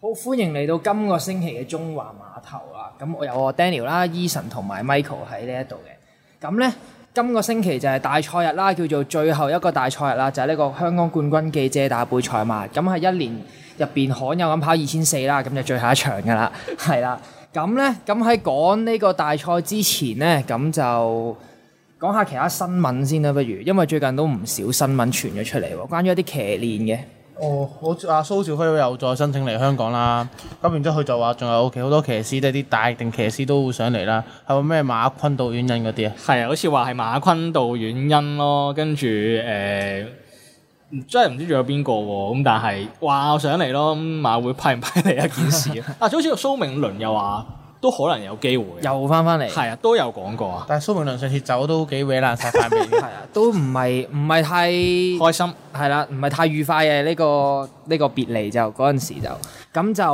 好歡迎嚟到今個星期嘅中環碼頭啊。咁、嗯、我有我 Daniel 啦、e、Eason 同埋 Michael 喺呢一度嘅。咁咧，今個星期就係大賽日啦，叫做最後一個大賽日啦，就係、是、呢個香港冠軍暨遮打盃賽嘛。咁係一年入邊罕有咁跑二千四啦，咁就最後一場噶啦，係啦。咁咧，咁喺講呢個大賽之前咧，咁就講下其他新聞先啦，不如？因為最近都唔少新聞傳咗出嚟，關於一啲騎練嘅。哦，好似阿蘇兆輝又再申請嚟香港啦，咁然之後佢就話仲有其他好多騎師，即係啲大定騎師都會上嚟啦，係咪咩馬昆、杜苑欣嗰啲啊？係啊，好似話係馬昆、杜苑欣咯，跟住誒，真係唔知仲有邊個喎？咁但係，我上嚟咯，馬會派唔派嚟一件事啊！就 好似蘇銘倫又話。都可能有機會，又翻翻嚟，係啊，都有講過啊。但係蘇明倫上次走都幾毀爛曬塊面，係啊 都唔係唔係太開心，係啦、啊，唔係太愉快嘅呢、呢個呢、呢個別離就嗰陣時就咁就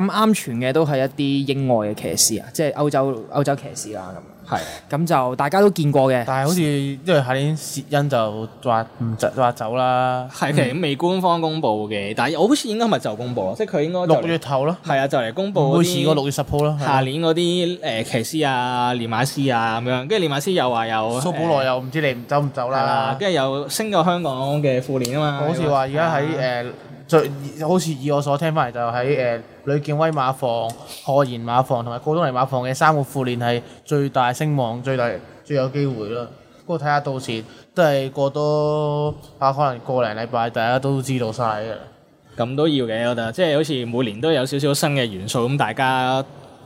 咁啱傳嘅都係一啲英外嘅騎師啊，即係歐洲歐洲騎師啦咁。係，咁就大家都見過嘅。但係好似因為下年薛恩就話唔就話走啦，的嗯、其實未官方公布嘅。但係我好似應該唔係就公布啊，即係佢應該六月頭咯。係啊，就嚟公布。會遲過六月十號咯。下年嗰啲誒騎師啊、練馬師啊咁樣，跟住練馬師又話又，呃、蘇保羅又唔知你走唔走啦。跟住又升咗香港嘅副練啊嘛。我好似話而家喺誒。的最好似以我所聽翻嚟就喺誒、呃呃、呂健威馬房、賀賢馬房同埋告東尼馬房嘅三個副連係最大聲望、最大最有機會咯。不過睇下到時都係過多下，可能個零禮拜大家都知道曬嘅。咁都要嘅，我覺得即係好似每年都有少少新嘅元素咁，大家。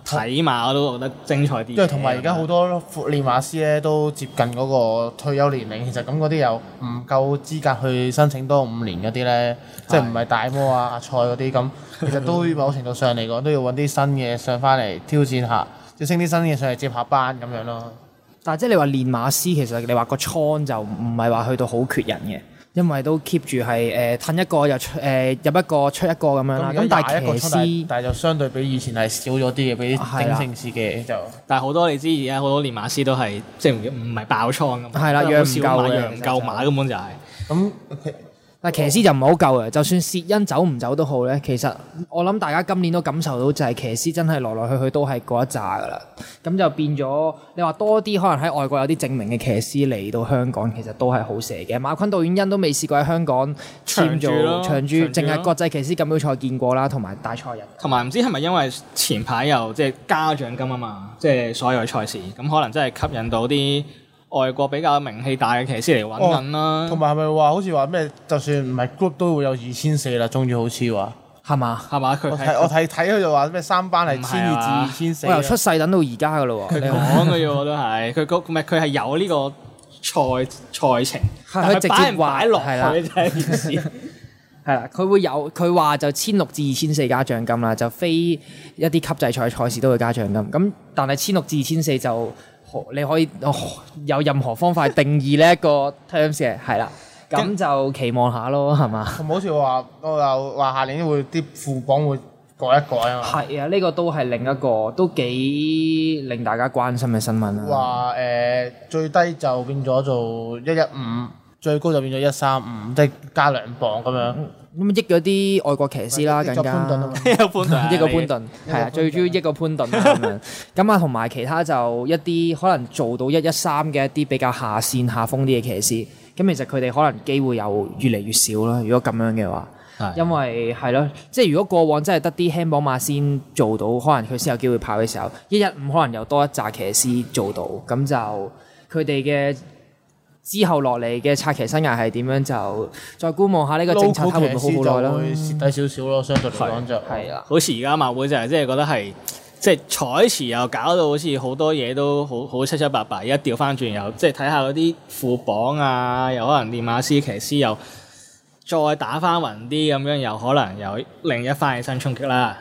睇馬我都覺得精彩啲，因為同埋而家好多練馬師咧都接近嗰個退休年齡，其實咁嗰啲又唔夠資格去申請多五年嗰啲咧，是的 即係唔係大魔啊、 阿蔡嗰啲咁，其實都某程度上嚟講都要揾啲新嘅上翻嚟挑戰下，即升啲新嘅上嚟接下班咁樣咯。但係即係你話練馬師，其實你話個倉就唔係話去到好缺人嘅。因為都 keep 住係誒褪一個就誒入一個出一個咁樣啦，咁但係騎師，但就相對比以前係少咗啲嘅，比啲鼎盛時嘅就，但係好多你知而家好多連馬師都係即係唔係爆倉咁，係啦，養唔夠人，唔夠馬根本就係咁。騎師就唔好救嘅，就算薛恩走唔走都好咧。其實我諗大家今年都感受到就係騎師真係來來去去都係嗰一紮噶啦。咁就變咗，你話多啲可能喺外國有啲證明嘅騎師嚟到香港，其實都係好射嘅。馬坤導演因都未試過喺香港長住咯，長住淨係住國際騎師錦標賽見過啦，同埋大賽人，同埋唔知係咪因為前排又即係加獎金啊嘛，即係所有嘅賽事咁，可能真係吸引到啲。外國比較名氣大嘅騎師嚟揾緊啦，同埋係咪話好似話咩？就算唔係 group 都會有二千四啦，終於好似話，係嘛係嘛？我睇我睇睇佢就話咩三班係千二至二千四，我由出世等到而家噶咯喎。佢講嘅啫，我都係佢 g 唔係佢係有呢個賽賽程，佢 直接擺落 去啦，真係係啦，佢會有佢話就千六至二千四加獎金啦，就非一啲級制賽賽事都會加獎金，咁但係千六至二千四就。你可以有任何方法定義呢一 個 terms 嘅，係啦，咁就期望下咯，係嘛？唔好似話都有話下年會啲副榜會改一改啊嘛。係啊，呢、呢個都係另一個都幾令大家關心嘅新聞啦、啊。話誒、呃、最低就變咗做一一五，最高就變咗一三五，即係加兩磅咁樣。咁益咗啲外國騎師啦，更加益個潘頓，加 潘頓，係啊 最主要益個潘頓咁樣。咁 啊，同埋其他就一啲可能做到一一三嘅一啲比較下線下風啲嘅騎師，咁其實佢哋可能機會又越嚟越少啦。如果咁樣嘅話， 因為係咯，即係如果過往真係得啲輕磅馬先做到，可能佢先有機會跑嘅時候，一一五可能又多一紮騎師做到，咁就佢哋嘅。之後落嚟嘅策騎生涯係點樣？就再觀望下呢個政策，睇會唔會好耐啦。會蝕底少少咯，相對嚟講就係啦。好似而家馬會就係，即係覺得係，即係彩池又搞到好似好多嘢都好好七七八八。而家調翻轉又，即係睇下嗰啲副榜啊，又可能練馬師、騎師又再打翻暈啲咁樣，又可能又另一番嘅新衝擊啦。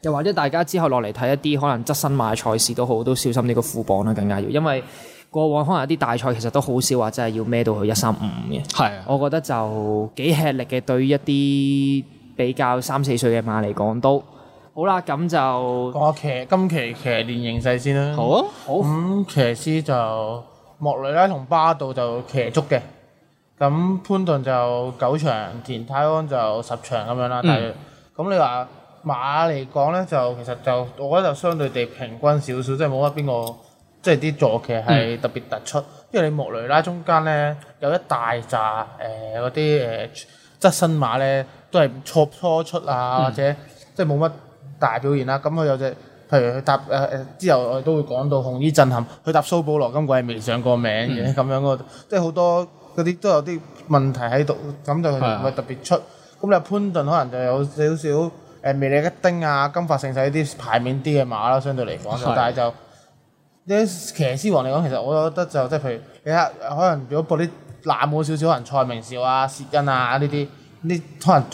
又或者大家之後落嚟睇一啲可能側身馬賽事都好，都小心呢個副榜啦，更加要，因為。過往可能有啲大賽其實都好少話真係要孭到去一三五五嘅，係啊，我覺得就幾吃力嘅，對一啲比較三四歲嘅馬嚟講都好啦，咁就講下騎今期騎練形勢先啦，好啊，好，咁騎師就莫雷拉同巴度就騎足嘅，咁潘頓就九場，田泰安就十場咁樣啦，但係咁你話馬嚟講咧就其實就我覺得就相對地平均少少，即係冇乜邊個。即係啲座騎係特別突出，嗯、因為你莫雷拉中間咧有一大紮誒嗰啲誒側身馬咧，都係錯初出啊，或者即係冇乜大表現啦。咁佢有隻，譬如佢搭誒誒，之後我哋都會講到紅衣震撼，佢搭蘇保羅今季係未上過名嘅咁、嗯、樣咯，即係好多嗰啲都有啲問題喺度，咁就唔係特別出。咁是的 你話潘頓可能就有少少誒魅力一丁啊、金髮盛世呢啲牌面啲嘅馬啦，相對嚟講但係就。的啲騎師王嚟講，其實我覺得就即、是、係譬如你睇，可能如果播啲冷門少少，可能蔡明紹啊、薛恩啊呢啲，呢可能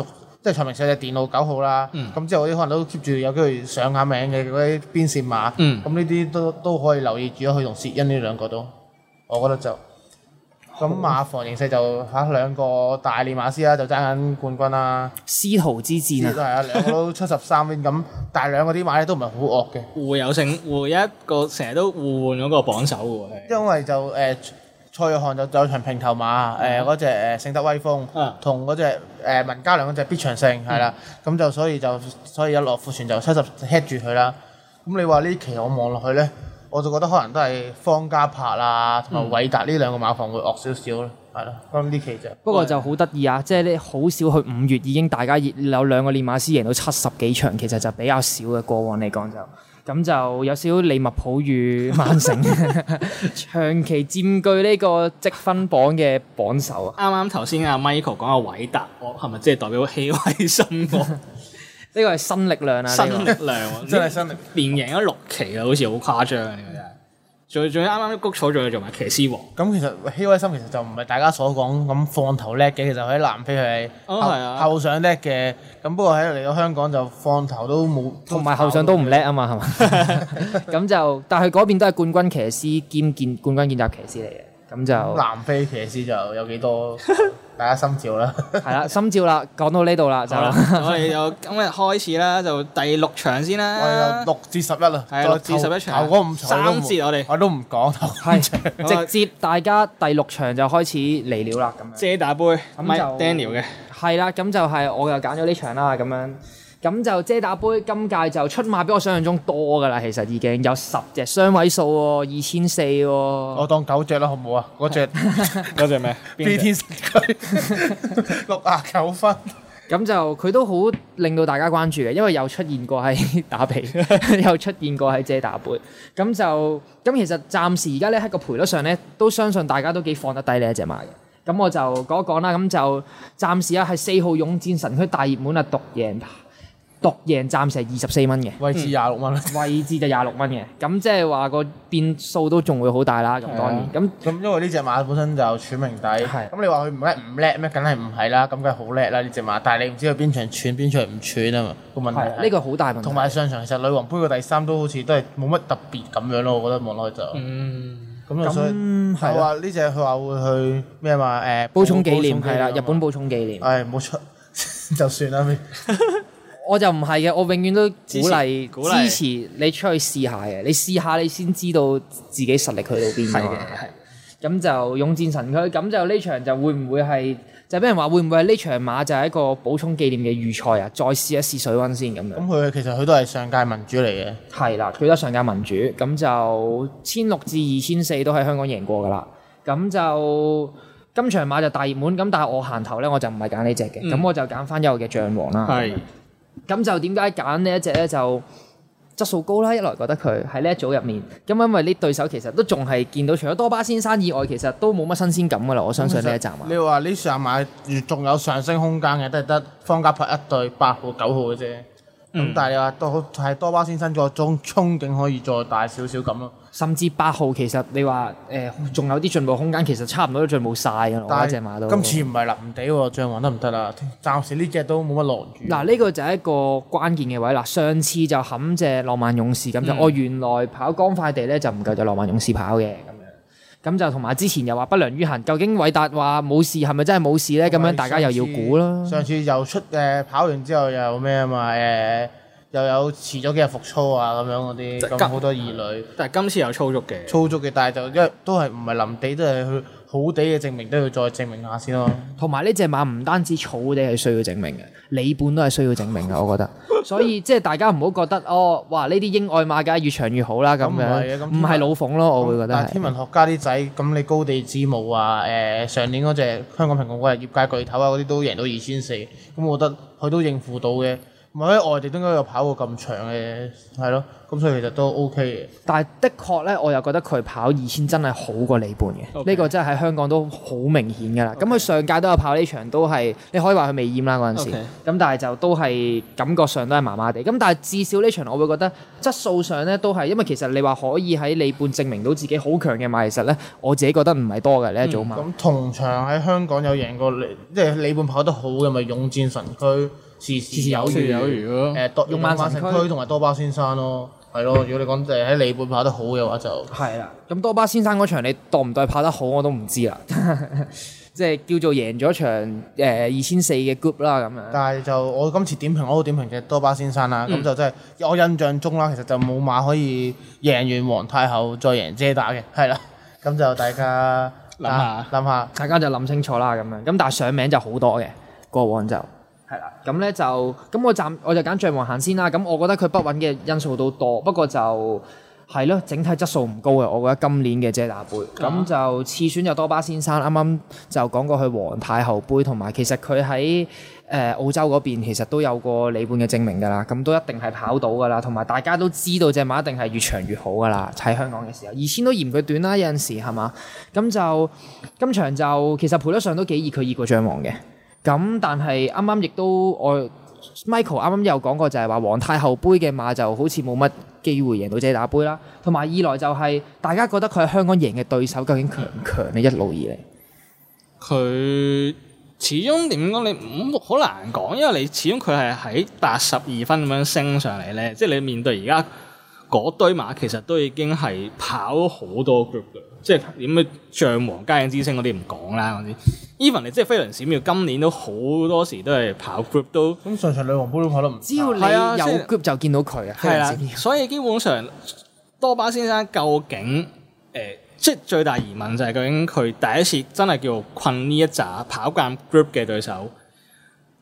即係蔡明紹隻電腦九號啦，咁、嗯、之後我可能都 keep 住有機會上下名嘅嗰啲邊線馬，咁呢啲都都可以留意住，咗佢同薛恩呢兩個都，我覺得就～咁馬房形勢就嚇兩個大粒馬師啦，就爭緊冠軍啦。師徒之戰啊！都係啊，兩個都七十三 win 咁，但係兩個啲馬咧都唔係好惡嘅。互有勝，互一個成日都互換咗個榜首嘅。因為就誒、呃、蔡約翰就有場平頭馬，誒嗰隻誒勝得威風，同嗰隻誒文家良嗰隻必長勝係啦。咁就、嗯、所以就所以羅富全就七十 head 住佢啦。咁你話呢期我望落去咧？我就覺得可能都係方家柏啦，同埋韋達呢兩個馬房會惡少少咯，係咯，咁呢期就，不過就好得意啊。即係你好少去五月已經大家有兩個練馬師贏到七十幾場，其實就比較少嘅。過往嚟講就咁就有少少利物浦與曼城長期佔據呢個積分榜嘅榜首。啱啱頭先阿 Michael 講阿韋達，我係咪即係代表氣餒心喎？呢個係新力量啊！新力量、啊，真係新力量。連贏咗六期啊，好似好誇張啊！呢個真係。仲仲要啱啱谷草仲要做埋騎師王。咁其實希威森其實就唔係大家所講咁放頭叻嘅，其實佢喺南非係、哦啊、後上叻嘅。咁不過喺嚟到香港就放頭都冇，同埋後上都唔叻啊嘛，係嘛 是吧？咁 就但係嗰邊都係冠軍騎師兼健冠軍見習騎師嚟嘅。咁就南非騎師就有幾多？大家心照啦。係啦，心照啦。講到呢度啦，就我哋就今日開始啦，就第六場先啦。我哋有六至十一啦。係六至十一場。頭嗰五場我哋，我都唔講直接大家第六場就開始嚟料啦，咁樣。遮打盃。唔係 Daniel 嘅。係啦，咁就係我又揀咗呢場啦，咁樣。咁就遮打杯今屆就出馬比我想象中多噶啦，其實已經有十隻雙位數喎、哦，二千四喎。我當九隻啦，好唔好啊？嗰隻嗰隻咩？B T 六啊九分。咁就佢都好令到大家關注嘅，因為又出現過喺打比， 又出現過喺遮打杯。咁就咁其實暫時而家咧喺個賠率上咧，都相信大家都幾放得低呢隻馬嘅。咁我就講一講啦，咁就暫時啊係四號勇戰神區大熱門啊，獨贏。獨贏暫時係二十四蚊嘅，位置廿六蚊啦。位置就廿六蚊嘅，咁即係話個變數都仲會好大啦。咁當然、yeah，咁咁因為呢隻馬本身就串名底，咁你話佢唔叻唔叻咩？梗係唔係啦，咁梗係好叻啦呢隻馬。但係你唔知佢邊場串邊場唔串啊嘛。個問題呢、呢個好大問題。同埋上場其實女王杯個第三都好似都係冇乜特別咁樣咯，我覺得望落去就。嗯，咁、嗯、所以佢話呢隻佢話會去咩嘛？誒、呃，補充紀念係啦，日本補充紀念。誒，唔好出就算啦。我就唔係嘅，我永遠都鼓勵、支持、鼓勵支持你出去試下嘅，你試下你先知道自己實力去到邊嘅。係咁就勇戰神區，咁就呢場就會唔會係就俾人話會唔會係呢場馬就係一個補充紀念嘅預賽啊？再試一試水溫先咁樣。咁佢其實佢都係上屆民主嚟嘅。係啦，佢都係上屆民主。咁就千六至二千四都喺香港贏過噶啦。咁就今場馬就大熱門。咁但係我行頭咧，我就唔係揀呢隻嘅。咁、嗯、我就揀翻優嘅象王啦。係。咁就點解揀呢一隻咧？就質素高啦，一來覺得佢喺呢一組入面，咁因為呢對手其實都仲係見到，除咗多巴先生以外，其實都冇乜新鮮感㗎喇。我相信呢一集，話，你話呢上買越仲有上升空間嘅，都係得方家柏一對八號、九號嘅啫。咁、嗯、但係你話好，係多巴先生個憧憧憬可以再大少少咁咯。嗯、甚至八號其實你話誒仲有啲進步空間，其實差唔多都進步晒曬嘅，戴隻馬到。了今次唔係藍地喎，象王得唔得啦？暫時呢隻都冇乜落注。嗱呢、啊呢個就係一個關鍵嘅位啦，上次就冚隻浪漫勇士咁就，我、嗯哦、原來跑乾快地咧就唔夠，就浪漫勇士跑嘅。嗯咁就同埋之前又話不良於行，究竟偉達話冇事係咪真係冇事咧？咁樣大家又要估囉。上次又出嘅跑完之後又咩啊嘛？又有遲咗幾日復操啊咁樣嗰啲，咁好就多疑慮。但係今次又操足嘅，操足嘅，但係就因為都係唔係臨地都係去。好啲嘅證明都要再證明下先咯。同埋呢隻馬唔單止草地係需要證明嘅，哩半 都係需要證明嘅，我覺得。 所以即係、就是、大家唔好覺得，哦，哇！呢啲英愛馬梗係越長越好啦，咁 樣唔係老馮咯，我會覺得。但天文學家啲仔，咁你高地之母啊，誒、呃、上年嗰隻香港蘋果鬼業界巨頭啊，嗰啲都贏到二千四，咁我覺得佢都應付到嘅。唔係喎，喺外地應該有跑過咁長嘅，係咯，咁所以其實都 OK 嘅。但係的確咧，我又覺得佢跑二千真係好過哩半嘅。呢 Okay. 個真係喺香港都好明顯㗎啦。咁佢 Okay. 上屆都有跑呢場都，都係你可以話佢未厭啦嗰陣時。咁 Okay. 但係就都係感覺上都係麻麻地。咁但係至少呢場我會覺得質素上咧都係，因為其實你話可以喺哩半證明到自己好強嘅馬力實，其實咧我自己覺得唔係多嘅呢一種馬。咁、嗯晚嗯、同場喺香港有贏過、嗯、即你即係哩半跑得好嘅咪、就是、勇戰神駒。時事有時事有餘，誒、呃、多用曼 100 00 城區同埋多巴先生咯，係咯 如果你講誒喺裏本跑得好嘅話就係啦。咁多巴先生嗰場你當唔當拍得好我都唔知啦。即 係叫做贏咗場誒二千四嘅 group 啦咁樣但。但係就我今次點評我都點評嘅多巴先生啦，咁、嗯、就真係我印象中啦，其實就冇馬可以贏完皇太后再贏遮打嘅，係啦。咁 就大家諗下諗下，下大家就諗清楚啦咁樣。咁但係上名就好多嘅，過往就。係啦，咁咧 就咁我暫我就揀象王行先啦。咁我覺得佢不穩嘅因素都多，不過就係咯，整體質素唔高嘅。我覺得今年嘅遮打杯，咁、嗯、就次選有多巴先生。啱啱就講過去皇太后杯同埋，其實佢喺誒澳洲嗰邊其實都有過理半嘅證明㗎啦。咁都一定係跑到㗎啦。同埋大家都知道隻馬一定係越長越好㗎啦。喺香港嘅時候，二千都嫌佢短啦。有陣時係嘛，咁就今場就其實賠率上都幾易佢易過象王嘅。咁但係啱啱亦都我 Michael 啱啱有講過就係話皇太后杯嘅馬就好似冇乜機會贏到遮打杯啦，同埋二來就係大家覺得佢喺香港贏嘅對手究竟強唔強咧？一路以嚟，佢、嗯、始終點講你五好難講，因為你始終佢係喺八十二分咁樣升上嚟呢。即、就、係、是、你面對而家嗰堆馬其實都已經係跑好多 group 即係點咩？象王、嘉影之星嗰啲唔講啦。我知，Even 你即係飛輪閃耀，今年都好多時都係跑 group 都。咁、嗯、上場兩場都可能唔？只要你有 group 就見到佢啊！係啦，所以基本上多巴先生究竟誒、呃，即係最大疑問就係究竟佢第一次真係叫做困呢一紮跑慣 group 嘅對手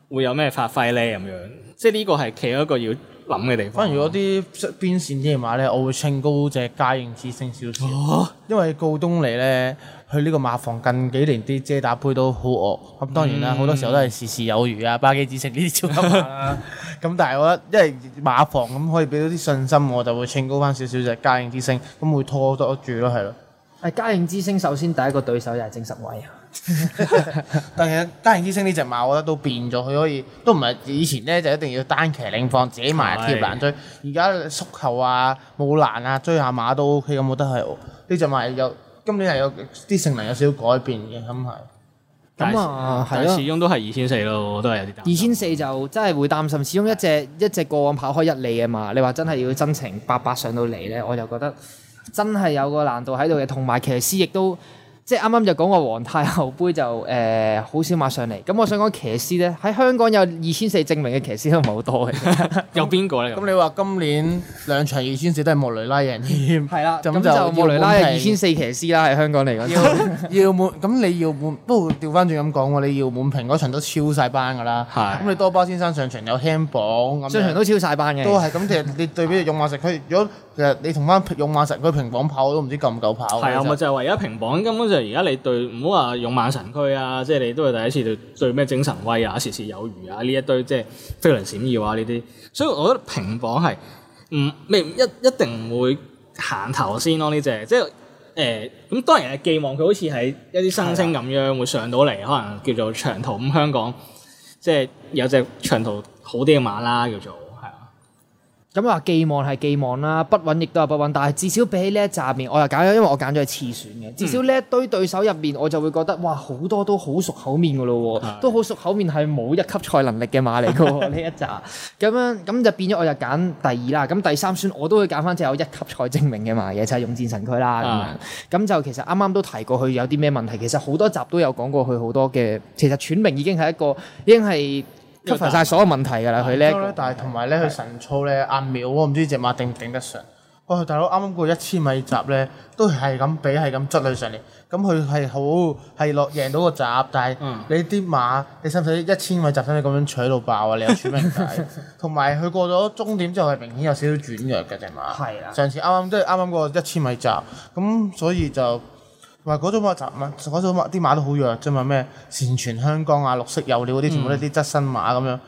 會有咩發揮咧？咁樣，即係呢個係企喺一個要。諗嘅地方，反而嗰啲出邊線啲馬咧，我會稱高隻嘉應之星少少。哦、因為告東尼咧，佢呢個馬房近幾年啲遮打盃都好惡。咁當然啦，好、嗯、多時候都係時事，事有餘啊，巴基之星呢啲超級馬啦、啊。咁 但係我覺得，因為馬房咁可以俾到啲信心，我就會稱高翻少少隻嘉應之星，咁會拖得住咯，係咯。係嘉應之星，首先第一個對手就係正十位啊。 但係《單人之星呢隻馬，我覺得都變咗，佢可以都唔係以前咧，就一定要單騎領放，自己埋貼欄追。而家縮後啊，冇欄啊，追下馬都 O K 咁，我覺得係呢隻馬有今年係有啲性能有少少改變嘅，咁係咁啊，係始終都係二千四咯，都係有啲擔二千四就真係會擔心，始終一隻一隻過往跑開一里啊嘛。你話真係要真情白白上到嚟咧，我就覺得真係有個難度喺度嘅，同埋騎師亦都。即係啱啱就講過皇太后杯就誒好、呃、少馬上嚟，咁我想講騎師咧喺香港有二千四證明嘅騎師都唔係好多嘅，有邊個咧？咁 你話今年兩場二千四都係莫雷拉贏添，啦、啊，咁 就莫雷拉係二千四騎師啦喺香港嚟嘅， 要要咁你要滿，不過調翻轉咁講喎，你要滿平嗰場都超晒班㗎啦，咁、啊、你多巴先生上場有輕磅，上場都超晒班嘅，都係咁，是其實 你對比用馬食。佢有。其實你同翻勇猛神區平房跑都唔知夠唔夠跑。係啊，咪就係話而家平房根本就係而家你對唔好話勇猛神區啊，即係你都係第一次對對咩精神威啊、時事有餘啊呢一堆，即係非常閃耀啊呢啲，所以我覺得平房係唔咩一一定唔會行頭先咯呢隻，即係誒咁當然係寄望佢好似係一啲新星咁樣會上到嚟，是的 可能叫做長途咁、嗯、香港，即係有隻長途好啲嘅馬啦叫做。咁話寄望係寄望啦，不穩亦都係不穩，但係至少比起呢一扎面，我又揀咗，因為我揀咗係次選嘅，嗯、至少呢一堆對手入面，我就會覺得哇，好多都好熟口面嘅咯，是的 都好熟口面係冇一級賽能力嘅馬嚟嘅呢一扎，咁樣咁就變咗，我就揀第二啦。咁第三選我都會揀翻，隻有一級賽證明嘅馬嘅，就係、是、勇戰神區啦。咁、啊、就其實啱啱都提過佢有啲咩問題，其實好多集都有講過佢好多嘅，其實傳名已經係一個已經係。解決曬所有問題㗎啦！佢叻一但係同埋咧，佢神操咧，阿秒我唔知隻馬頂唔頂得上。哇！大佬啱啱過一千米閘咧，都係咁比，係咁捽佢上嚟。咁佢係好係落贏到個閘，但係你啲馬，你使唔使一千米閘使唔使咁樣取到爆啊？你又傳咩？同埋佢過咗終點之後係明顯有少少轉弱㗎隻馬。係啊！上次啱啱即係啱啱過一千米閘，咁所以就。唔係嗰種馬雜嘛，嗰種馬啲馬都好弱啫嘛，咩善泉香江啊、綠色有料嗰啲，全部都係啲側身馬咁樣，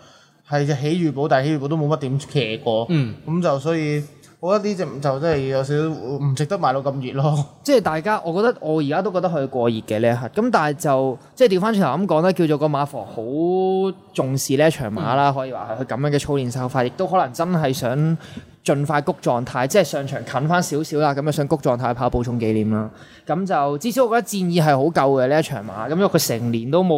係隻喜悅寶，但係喜悅寶都冇乜點騎過，咁、嗯、就所以。我覺得呢隻就真係有少少唔值得買到咁熱咯。即係大家，我覺得我而家都覺得佢過熱嘅咧嚇。咁但係就即係調翻轉頭咁講咧，叫做個馬房好重視呢一場馬啦，嗯、可以話係佢咁樣嘅操練手法，亦都可能真係想盡快谷狀態，即係上場近翻少少啦，咁樣想谷狀態跑補充紀念啦。咁就至少我覺得戰意係好夠嘅呢一場馬。咁因為佢成年都冇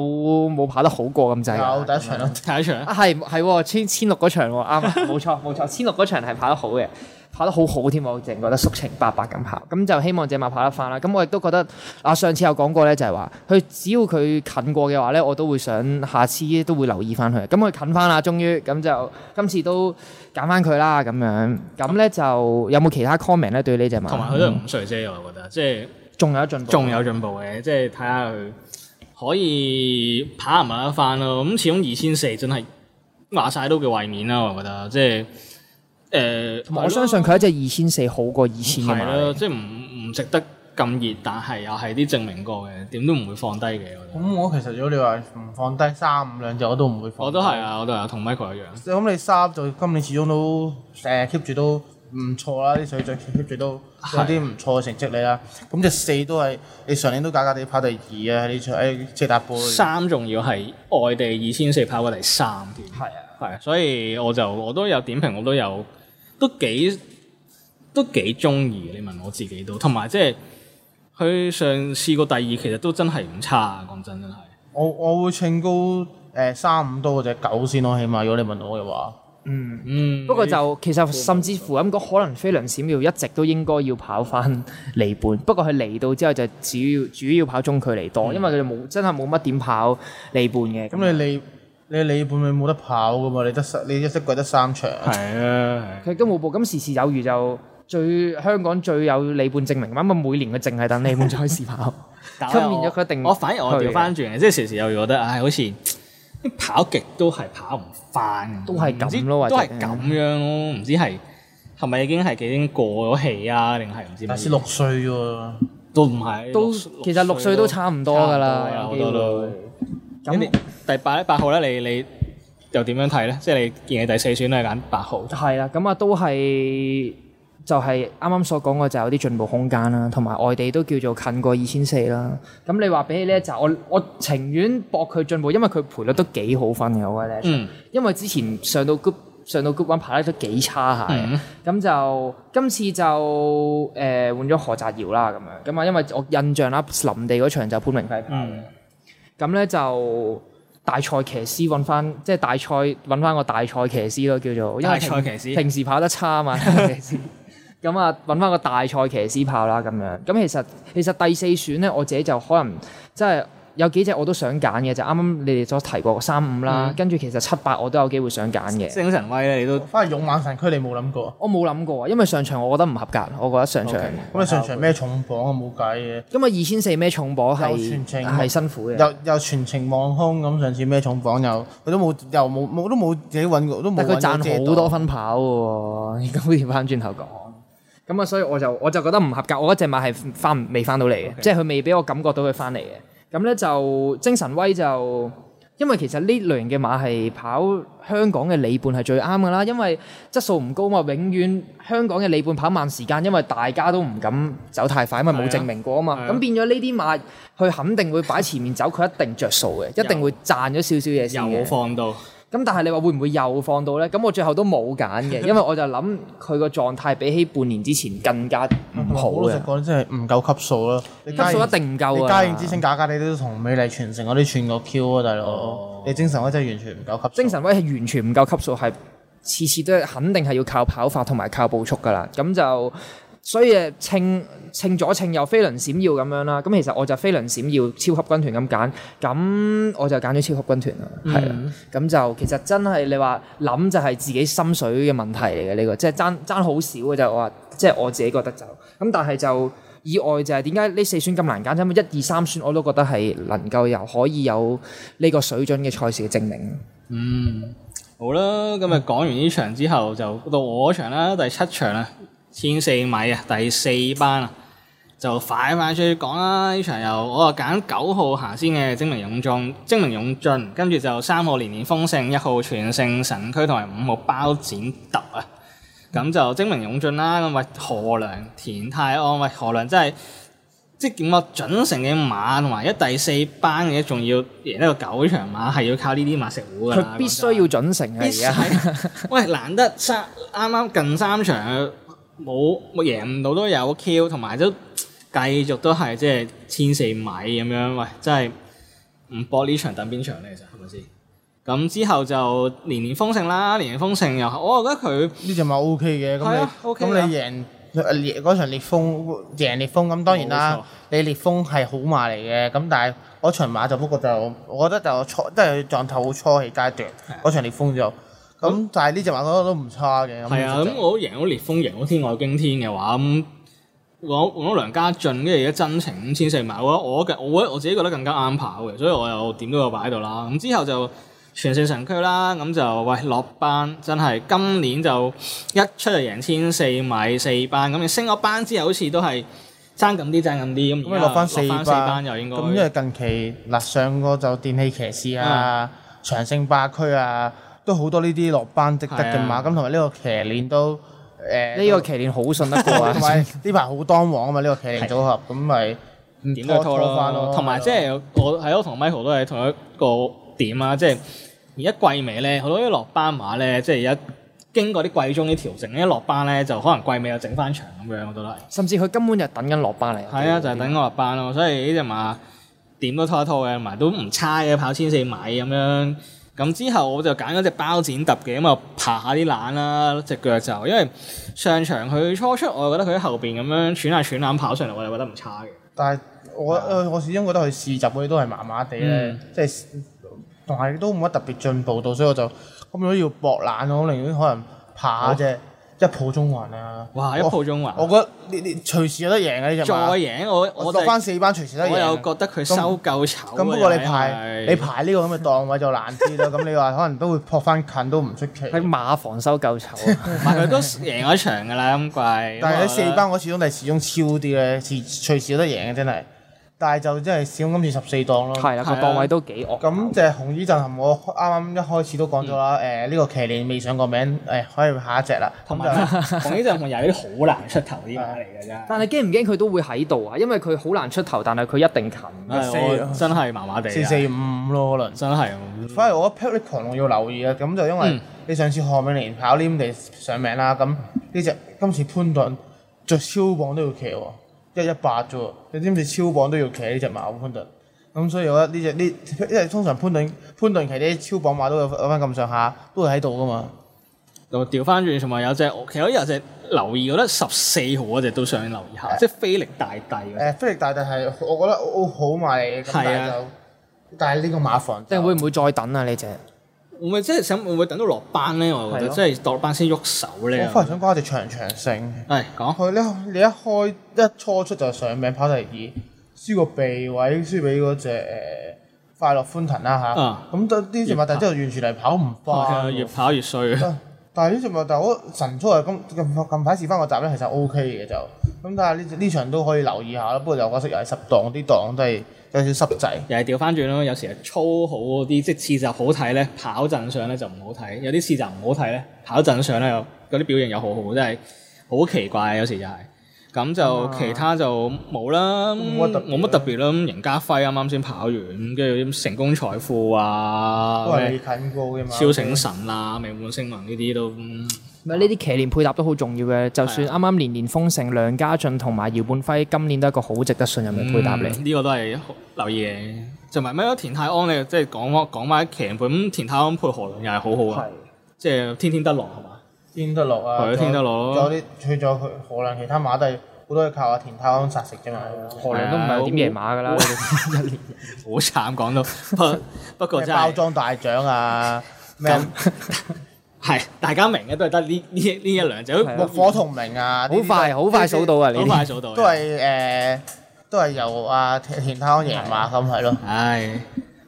冇跑得好過咁滯。有、啊、第一場咯，樣第一場啊，係係千千六嗰場喎，啱，冇 錯冇錯，千六嗰場係跑得好嘅。跑得好好添，我淨係覺得抒情白白咁跑，咁就希望隻馬跑得翻啦。咁我亦都覺得，啊上次有講過咧，就係話佢只要佢近過嘅話咧，我都會想下次都會留意翻佢。咁佢近翻啦，終於咁就今次都揀翻佢啦咁樣。咁咧就有冇其他 comment 咧對呢隻馬？同埋佢都五歲啫，我覺得即係仲有進步。仲有進步嘅，即係睇下佢可以跑唔跑得翻咯。咁始終二千四真係話晒都叫為免啦，我覺得，我覺得即係。誒，嗯、我相信佢一隻二千四好過二千嘅，即係唔唔值得咁熱，但係又係啲證明過嘅，點都唔會放低嘅。咁我，我其實如果你話唔放低三五兩隻，我都唔會放。我都係啊，我都係同 Michael 一樣。咁、嗯、你三就今年始終都成 keep 住都唔錯啦，啲水準 keep 住都有啲唔錯嘅成績你啦。咁隻四都係你上年都假假地跑第二大跑第啊，你除誒遮打盃。三仲要係外地二千四跑過第三添。係啊，係，所以我就我都有點評，我都有。都幾都幾中意，你問我自己都，同埋即係佢上次個第二其實都真係唔差，講真真係。我我會唱高誒三五多或者九線咯，起碼如果你問我嘅話。嗯嗯。嗯，不過就你其實甚至乎咁講，嗯、可能飛輪閃耀一直都應該要跑翻離半，嗯、不過佢嚟到之後就主要主要跑中距離多，嗯、因為佢哋冇真係冇乜點跑離半嘅。咁、嗯、你離？你理本咪冇得跑噶嘛？你得三，你一季得三場。係啊。佢金寶寶咁時時有餘就最香港最有理本證明嘛？咁啊每年佢淨係等理本開始跑，出現咗佢一定。我反而我調翻轉嘅，即係時時有餘覺得唉，好似跑極都係跑唔翻，都係咁咯，都係咁樣咯，唔知係係咪已經係已經過咗氣啊？定係唔知？但係六歲喎，都唔係。都其實六歲都差唔多㗎啦。有好多咯。咁你第八咧，八號咧，你你又點樣睇咧？即係你見你第四選都係揀八號。係啊，咁啊都係就係啱啱所講嘅，就係有啲進步空間啦，同埋外地都叫做近過二千四啦。咁你話比起呢一集，我我情願搏佢進步，因為佢賠率都幾好分嘅我覺得咧。嗯。因為之前上到谷上到谷，嗰排得都幾差下嘅，咁、嗯、就今次就誒、呃、換咗何澤堯啦咁樣。咁啊，因為我印象啦，林地嗰場就潘明輝排。嗯。咁咧就大賽騎師揾翻，即係大賽揾翻個大賽騎師咯，叫做。大賽騎師。平時跑得差啊嘛。大賽騎師。咁啊，揾翻個大賽騎師跑啦，咁樣。咁其實其實第四選咧，我自己就可能即係。就是有幾隻我都想揀嘅就啱啱你哋所提過三五啦，跟住其實七八我都有機會想揀嘅。精神威你都翻去勇猛神區，你冇諗過？我冇諗過啊，因為上場我覺得唔合格，我覺得上場。咁你 Okay,、嗯、上場咩重磅啊，冇計嘅。咁啊，二千四咩重磅係係辛苦嘅。又又全程望空咁，上次咩重磅又佢都冇，又冇冇都冇自己揾過，都冇。但係佢賺好多分跑嘅喎，而家好似翻轉頭講。咁啊，所以我就我就覺得唔合格。我嗰隻馬係翻未翻到嚟嘅，Okay 即係佢未俾我感覺到佢翻嚟嘅。咁咧就精神威就，因為其實呢類型嘅馬係跑香港嘅里半係最啱㗎啦，因為質素唔高嘛，永遠香港嘅里半跑慢時間，因為大家都唔敢走太快，因為冇證明過啊嘛，咁、啊、變咗呢啲馬佢肯定會擺前面走，佢一定着數嘅，有一定會賺咗少少嘢先，又冇放到。咁但係你話會唔會又放到呢？咁我最後都冇揀嘅，因為我就諗佢個狀態比起半年之前更加唔好嘅。老實講、嗯嗯、真係唔夠級數咯，你級數一定唔夠㗎。嘉應之星假假你都同美麗傳承嗰啲串個 Q 啊，大佬，哦、你精神威真係完全唔夠級。精神威係完全唔夠級數，係次次都係肯定係要靠跑法同埋靠步速㗎啦。咁就。所以誒，稱稱左稱右，飛輪閃耀咁樣啦。咁其實我就飛輪閃耀、超級軍團咁揀，咁我就揀咗超級軍團啦，係啦、嗯。咁就其實真係你話諗就係自己心水嘅問題嚟嘅呢個，即係爭爭好少嘅就話、係，即係我自己覺得就咁。但係就意外就係點解呢四選咁難揀？因為一二三選我都覺得係能夠又可以有呢個水準嘅賽事嘅證明。嗯，好啦，咁咪講完呢場之後，就到我場啦，第七場啦。千四米啊，第四班啊，就快快出去講啦！呢場又我啊，揀九號行先嘅精明勇進，精明勇進，跟住就三號連年年豐盛，一號全勝神驅同埋五號包剪揼啊！咁、嗯、就精明勇進啦，咁喂何良田泰安喂何良真係即係點啊，準成嘅馬，同埋一第四班嘅仲要贏一個九場馬，係要靠呢啲馬食糊㗎啦，佢必須要準成啊！而家喂難得三啱啱近三場。冇，冇贏唔到都有 Q，同埋都繼續都係即係千四米咁樣，喂，真係唔搏場場呢場等邊場咧？其實係咪先？咁之後就年年豐盛啦，年年豐盛又，我覺得佢呢隻咪 O K 嘅，咁你咁、啊 okay、你贏烈嗰場烈風贏烈風，咁當然啦，錯你烈風係好馬嚟嘅，咁但係嗰場馬就不過就我覺得就，覺得就、就是、初即係狀態好初期階段，嗰的場烈風就。咁、嗯、但係呢隻馬覺得都唔差嘅。係啊，咁是我贏咗烈風，贏咗天外驚天嘅話，咁我我，我梁家俊，跟住而家真情五千四米，我覺得我嘅我，我自己覺得更加啱跑嘅，所以我又點都有擺喺度啦。咁之後就長盛城區啦，咁就喂落班真係今年就一出就贏千四米四班，咁你升咗班之後好似都係爭咁啲爭咁啲咁。你落翻四班又應該咁？因為、嗯、近期嗱上個就電器騎士啊，嗯、長盛八區啊。都好多呢啲落班值得嘅馬，咁同埋呢個騎練都誒，呢、呃、個騎練好信得過啊！同埋呢排好當旺啊嘛，呢、呢個騎練組合咁咪點都拖得返咯。同埋即係我係咯，同 Michael 都係同一個點啊！即係而家季尾咧，好多啲落班馬咧，即係而家經過啲季中啲調整，一落班咧就可能季尾又整翻場咁樣我覺得，甚至佢根本就等緊落班嚟。係啊，就係、等緊落班咯，所以呢隻馬點都拖一拖嘅，同埋都唔差嘅，跑千四米咁樣。咁之後我就揀咗隻包剪揼嘅，咁啊爬下啲懶啦，隻腳就因為上場佢初出，我覺得佢喺後邊咁樣喘下喘下跑上嚟，我就覺得唔差嘅。但係我、嗯、我，我始終覺得佢試習嗰啲都係麻麻地咧，嗯、即係同埋都冇乜特別進步到，所以我就咁如果要搏懶，我寧願可能爬下啫。哦一鋪中環啊！哇！一鋪中環，我覺得呢呢隨時有得贏嘅呢隻馬，再贏我我落翻四班，隨時都有。我又覺得佢收夠籌嘅，不過你排你排呢個咁嘅檔位就難啲咯。咁你話可能都會撲翻近都唔出奇。喺馬房收夠籌唔係佢都贏咗場㗎啦咁貴。但係喺四班，我始終係始終超啲咧，始隨時有得贏嘅真係。但係就真係少今次十四檔咯，檔位都幾惡。咁即係紅衣鎮我啱啱一開始都講咗啦。誒呢個騎年未上過名，誒可以下一隻啦。同埋紅衣鎮冚又係啲好難出頭啲馬嚟㗎啫。但係驚唔驚佢都會喺度啊？因為佢好難出頭，但係佢一定近。真係麻麻地。四四五五咯，可能。真係。反而我一得 p e t i t 狂龍要留意啊！咁就因為你上次何美蓮跑黏地上名啦，咁呢隻今次潘頓着超磅都要騎喎。一一八啫，你知唔知超磅都要騎呢隻馬？潘頓咁，所以我覺得呢隻呢，因為通常潘頓潘頓騎啲超磅馬都有攞翻咁上下，都會喺度噶嘛。咁調翻轉，同埋有隻，其實有隻留意，我覺得十四號嗰隻都想留意下，欸、即係菲力大帝。誒、欸，菲力大帝係我覺得好好賣嘅，咁、啊、但係但係呢個馬房即係會唔會再等啊？呢隻？會唔會即係想？會唔會等到落班咧？我覺得對、哦、即係落班先喐手咧。我反而想講下隻長長勝。係、哎、講。佢咧，你一開一初出就上名跑第二，輸個鼻位輸俾嗰隻誒快樂歡騰啦吓，咁呢隻馬，啊嗯、但之後完全係跑唔翻、啊，越跑越衰、啊嗯。但係呢隻馬咪但我神速啊！咁近近排試翻個集咧，其實 O K 嘅就。咁、嗯、但係呢呢場都可以留意下咯。不過又可惜，又係十檔啲檔都係。有啲濕滯，又係調翻轉咯。有時係操好嗰啲即係刺習好睇咧，跑陣上咧就唔好睇。有啲刺習唔好睇咧，跑陣上咧又嗰啲表現又好好，真係好奇怪。有時就係、是、咁就其他就冇啦，冇乜、啊、特別啦。咁、嗯、楊家輝啱啱先跑完，跟住成功財富啊，近嘛超醒神啦、啊，嗯、美滿星雲呢啲都。嗯呢啲騎練配搭都好重要嘅，就算啱啱年年封城，梁家俊同埋姚本輝今年都係一個好值得信任嘅配搭嚟。呢個都係留意嘅，同埋咩田泰安你即係講講埋騎練配咁，田泰安配何良又係好好啊！即係天天得樂係嘛？天得樂啊！天得樂。有啲，再佢何良其他馬都係好多係靠阿田泰安殺食啫嘛。何良都唔係點贏馬㗎啦，一年好慘講到。不過真係包裝大獎啊！咩？係，大家明嘅都係得呢呢呢一兩隻，木火同明啊，好快好些快數到啊，呢啲些些都係誒、呃，都係由阿、啊、天鵬贏嘛咁係咯，唉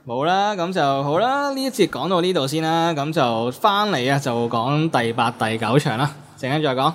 冇啦，咁就好啦，呢一節講到呢度先啦，咁就翻嚟啊就講第八第九場啦，陣間再講。